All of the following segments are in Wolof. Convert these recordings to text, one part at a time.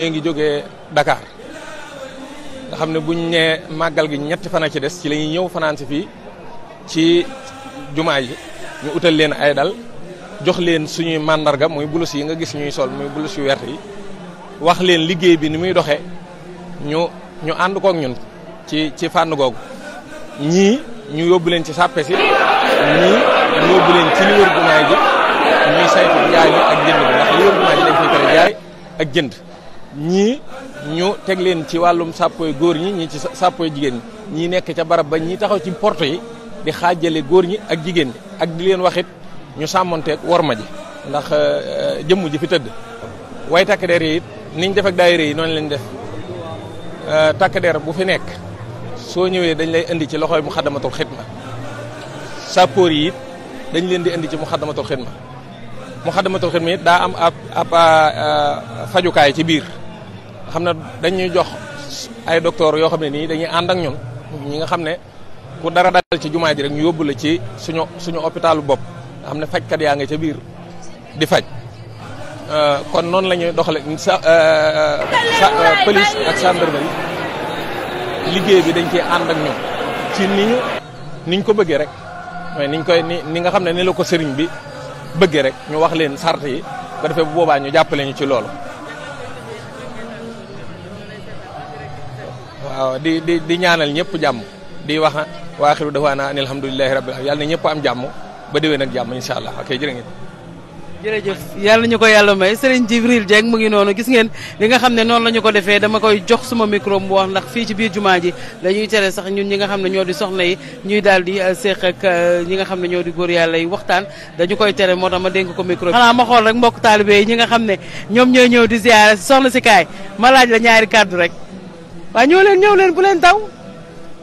ñu ngi jógee Dakar nga xam ne buñ nee màggal gi ñetti fan ci des ci lañuy ñuy ñëw fanaan si fii ci jumaa yi ñu utal leen ay dal jox leen suñuy màndarga muy bulus yi nga gis ñuy sol muy bulus yu wert yi wax leen liggéey bi ni muy doxe ñu ñu ànd kook ñun ci ci fànn googu ñii ñu yóbbu leen ci sàppe si ñii ñu yóbbu leen ci li wër ji ñuy saytu jaay ak jënd bi ndax li wër ji dañ fiy tere jaay ak jënd ñii ñu teg leen ci wàllum sàppooy góor ñi ñii ci sàppooy jigéen ñi ñii nekk ca barab ba ñii taxaw ci porte yi di xaajale góor ñi ak jigéen ñi ak di leen waxit ñu sàmmonteeg worma ji ndax euh, euh, jëmm ji fi tëdd way takk yi it niñ def ak daayira yi noonu lañ def euh, takk der bu fi nekk soo ñëwee dañ lay indi ci loxooy mu xaddamatul xidma sàppoor yi it dañ leen di indi ci mu xaddamatul xidma mu xaddamatul xidma it daa am ab ab fajukaay ci biir xam ne dañuy jox ay docteur yoo xam ne nii dañuy ànd ak ñun ñi nga xam ne ku dara dal ci jumaa ji rek ñu yóbbu la ci suñu suñu hôpitalu bopp nga xam ne fajkat yaa nga ca biir di faj euh, kon noonu la ñuy doxale sa euh, euh, police ak gendarmerie liggéey bi dañ ci ànd ak ñoom ci ni ñu niñ ko bëggee rek mais niñ koy ni ni nga xam ne ni la ko sëriñ bi bëggee rek ñu wax leen sart yi ko defee bu boobaa ñu jàppale ñu ci loolu waaw di di di ñaanal ñëpp jàmm di wax wa axiru dawaana an alhamdulilahi rabbil alamin yàlla na ñëpp am jàmm ba déwén ak jàmm incha allah ok jërë ngeen jërëjëf yàlla ñu ko yàlla may Serigne Djibril Dieng mu ngi noonu gis ngeen li nga xam ne noonu la ñu ko defee dama koy jox suma micro mu ndax fii ci biir jumaa ji la ñuy tere sax ñun ñi nga xam ne ñoo di soxna yi ñuy daal di euh, seeq ak euh, ñi nga xam ne ñoo di góor yàlla yi waxtaan dañu koy tere moo tax ma dénk ko micro bi xanaa ma xool rek mbokk taalibe yi ñi nga xam ne ñoom ñooy ñëw di ziyaare soxna si kaay ma laaj la ñaari kàddu rek waaye ñoo leen leen bu leen daw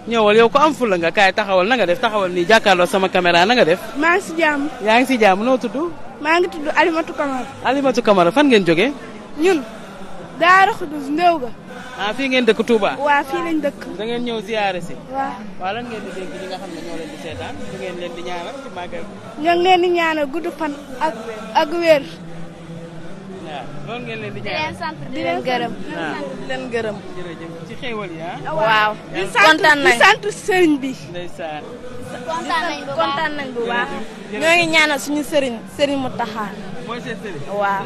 ñëwal ko am fulla nga kaay taxawal na nga def taxawal ni jàkkaarloo sama caméra na def. maa ngi si jàmm. yaa ngi si jàmm noo tudd. maa ngi tudd Alimatou Camara. Alimatou Camara fan ngeen joge ñun. Daara Xudus Ndéw ga. ah fii ngeen dëkk Touba. waaw fii lañ dëkk. da ngeen ñëw ziyaare si. waa waaw ngeen di dénk ñoo leen di seetaan ñu ngeen leen di ñaanal ci màggal. ñoo wér. loolu ngeen leen gërëm. di leen ah. waaw kontaan nañ di sëriñ bi. ndeysaan. kontaan ngi ñaanal suñu sëriñ sëriñ mu mooy seen sëriñ. waaw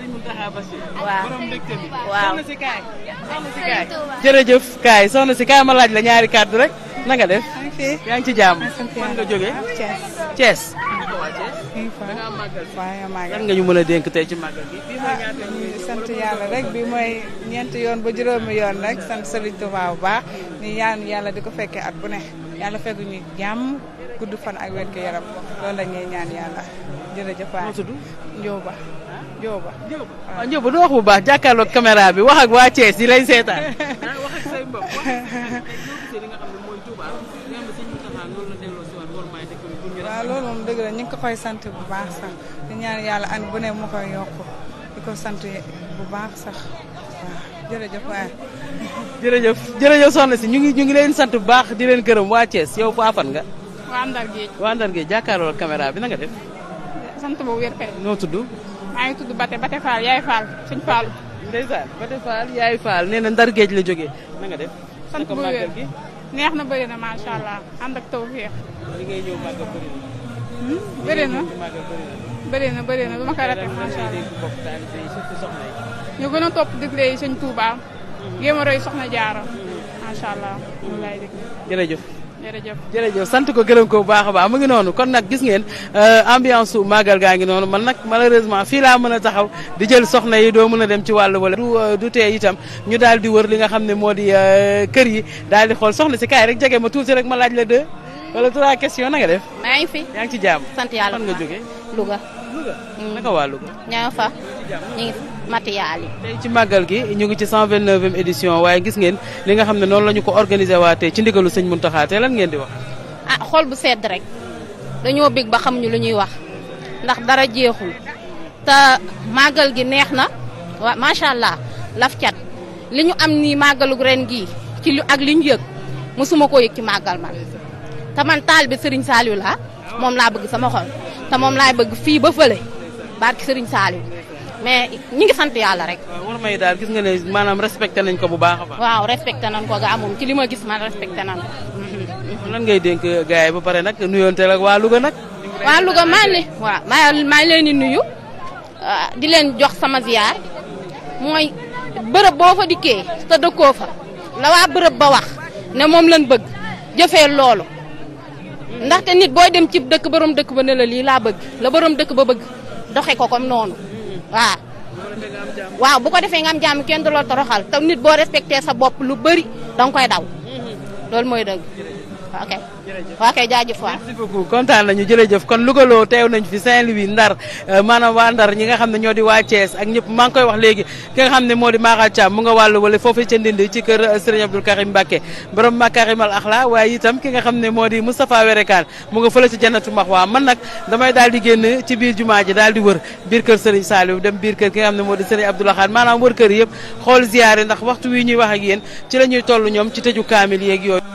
sëriñ kaay. soxna si kaay ma laaj la ñaari kàddu rek na nga def. yaa ngi ci jàmm fan nga jógee Thiès fii fa waaye màggal lan nga ñu mën a dénk tey ci màggal gi ah, ñu sant yàlla rek bi mooy ñeent yoon ba juróomi yoon rek sant Serigne Touba bu baax ñu yaanu yàlla di ko fekkee at bu ne yàlla fekk ñu jàmm gudd fan ak wér gu yaram loolu la ñuy ñaan yàlla jërëjëf waay Ndioba Ndioba waaw bu baax jàkkaarloog caméra bi wax ak waa Thiès yi lay seetaan ah, loolu moom dëgg la ñu ngi ko koy sant bu baax sax di ñaan yàlla an bu ne mu koy yokk di ko sant bu baax sax waaw jërëjëf waay. jërëjëf jërëjëf si ñu ngi ñu ngi leen sant bu baax di leen gërëm waa Thiès yow faafan nga. waa Ndar waa Ndar Géej jàkkaarloo caméra bi na nga def. sant bu wér kay. noo tudd. maa ngi tudd Bate Bate Fall Yaay Fall suñ Fall. ndeysaan Bate Fall na Ndar Géej la jógee na nga def. sant bu wér neex na bëri na macha allah ànd ak Hmm? bëri na bëri na bëri na du ma ko rate macha allah ñu gën a topp digle yi sëñ Touba géem a roy soxna Jaara macha allah mu lay digle jërëjëf jërëjëf jërëjëf sant ko gërëm ko bu baax a baax mu ngi noonu kon nag gis ngeen euh, ambiance su màggal gaa ngi noonu man nag malheureusement fii laa mën a taxaw di jël soxna yi doo mën a dem ci wàllu wala du euh, du tee itam ñu daal di wër li nga xam ne moo di euh, kër yi daal di xool soxna si kaay rek jege ma tuuti rek ma laaj la de wala trois questions na nga def. maa ngi fi. ngi ci jàmm. sant yàlla fan nga jógee. Louga. Louga mm. naka waa Louga. ñaa fa ñu Matiyaali. ci màggal gi ñu ngi ci 129e édition waaye gis ngeen li nga xam ne noonu la ñu ko organisé waatee ci ndigalu sëñ Mountakha tey lan ngeen di wax. ah xol bu sedd rek dañoo bég ba xam ñu lu ñuy wax ndax dara jeexul te màggal gi neex na waa macha allah laf cat li ñu am nii màggalu ren gii ci lu ak li ñu yëg mosuma ko yëg ci màggal man. te man taalibe bi Saliou laa moom laa bëgg sama xol te moom laay bëgg fii ba fële barki sëriñ Saliou mais ni ngi sant yàlla rek. Euh, war may daal gis nga ne maanaam respecté nañ ko bu baax a baax. waaw respecté nañ ko gaa moom ci li ma gis man respecté nañ ko. lan ngay dénk euh, gars ba pare nag nuyoonteel ak waa Louga nag. waa Louga maa ngi waaw maa maa ngi di nuyu euh, di leen jox sama ziar mooy bërëb boo fa dikkee te dëkkoo fa la waa bërëb ba wax ne moom lan bëgg jëfee loolu. ndaxte nit booy dem cib dëkk borom dëkk ba ne la lii laa bëgg la borom dëkk ba bëgg doxe ko comme noonu waaw. waaw bu ko defee nga am jàmm kenn du la toroxal nit boo respecté sa bopp lu bëri danga koy daw mhm. loolu mooy dëgg. waaw kay waaw kay jaajëf waay merci jërëjëf kon Louga loo teew nañ fi Saint-Louis Ndar euh, maanaam waa Ndar ñi nga xam ne ñoo di waa Thiès ak ñëpp maa ngi koy wax léegi ki nga xam ne moo di Mara Thiam mu nga wàllu wala foofu ca Ndindi ci kër euh, Serigne Abdoul Karim waaye itam ki nga xam ne moo di Moustapha Werekaan mu nga fële ci Jannatu Maxwa man nag damay daal di génn ci biir jumaa ji daal di wër biir kër Serigne Saliou dem biir kër ki nga xam ne moo di Serigne Abdoul Ahad maanaam wër kër yëpp xool ziyaare ndax waxtu wi ñuy wax ak yéen ci la ñuy toll ñoom ci tëju kaamil yeeg yooyu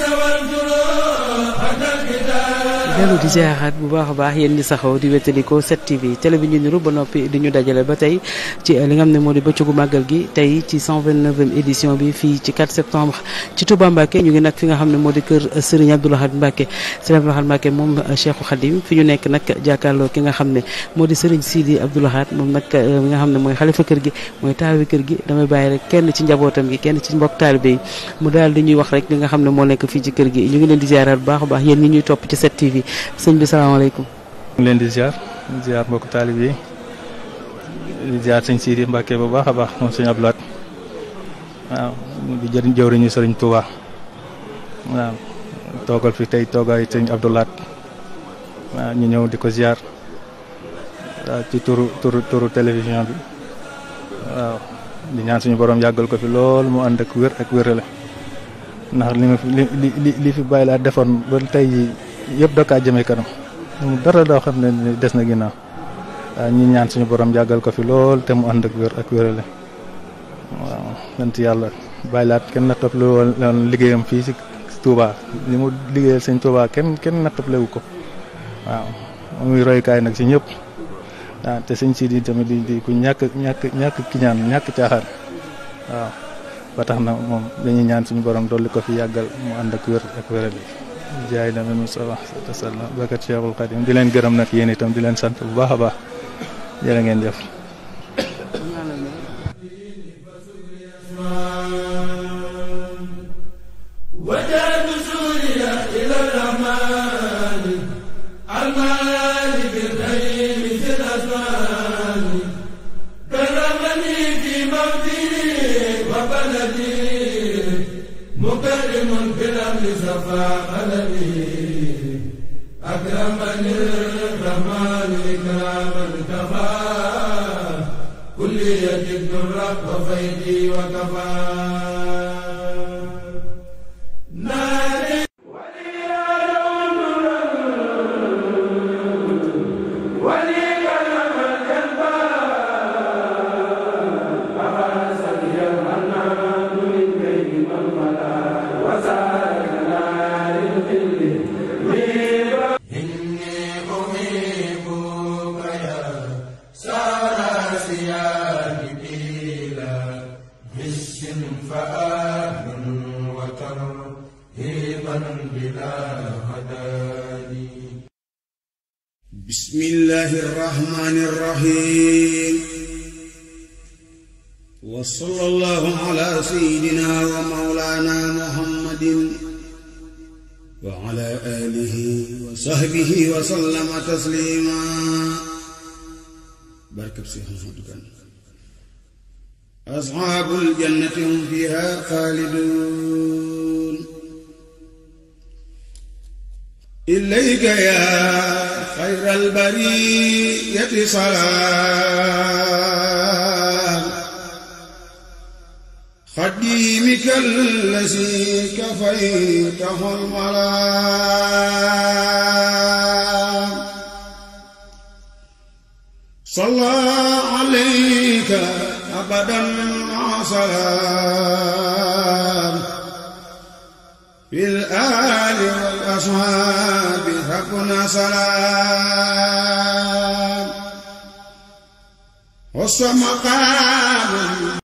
والذل والجنون حتى الكتاب dellu di ziaraat bu baax a baax yéen ñi saxaw di wétaliko 7TV télé bi ñu niru ba noppi di ñu dajale ba tey ci eh, li nga xam ne moo di bëccëgu màggal gi tey ci 129e édition bi fii ci 4 septembre ci ñu ngi nag fi nga xam ne moo di kër eh, Serigne Abdou Lahad Mbacké Serigne Abdou Lahad Mbacké moom eh, Cheikhou Khadim fi ñu nekk nag jàkkaarloo ki nga xam ne moo di Serigne Sidi Abdou Lahad moom nag mi nga xam ne mooy xalifa kër gi mooy taawi kër gi damay bàyyi rek kenn ci njabootam gi kenn ci mbokk taalibe yi mu daal di ñuy wax rek li nga xam ne moo nekk fii ci kër gi ñu ngi a baax yéen ñi ñuy topp ci 7 sëñ bi salaamaaleykum. ñu leen di ziar ziar mbokk taalib yi di ziar sëñ Sidi Mbacke bu baax a baax moom sëñ Abdoulaye waaw di jëriñ jëwriñu sëriñ Touba waaw toogal fi tey toogaay sëñ Abdoulaye ñu ñëw di ko ziar waaw ci turu turu turu télévision bi waaw di ñaan suñu borom yàggal ko fi lool mu ànd ak wér ak wérale ndax li ma fi li li li fi bàyyi laa defoon ba tey yëpp da kaa jëmee kanam mu dara doo xam ne des na ginnaaw waaw ñi ñaan suñu borom yàggal ko fi lool te mu ànd ak wér ak wérale waaw sant yàlla bàyyi kenn nattop liggéeyam fii si Touba li mu liggéeyal sëñ kenn kenn nattop lewu ko waaw muy roykaay nag si ñëpp waaw sëñ Sidi di di ku ñàkk kiñaan ñàkk caaxaan waaw ba na moom dañuy ñaan suñu borom dolli ko fi yàggal mu ànd ak wér ak wérale jaay la même sallallahu alayhi wa sallam bakat Cheikhul Xadim di leen gërëm nag yéen itam di leen sant bu baax a baax jërë ngeen jëf kulli yëpp yëpp الرحمن الرحيم وصلى الله على سيدنا ومولانا محمد وعلى آله وصحبه وسلم تسليما بارك أصحاب الجنة هم فيها خالدون إليك يا خير البرية صلاة خديمك الذي كفيته الملام صلى عليك أبدا مع سلام في الآل والآل وأصحابي حقنا سلام وصمقام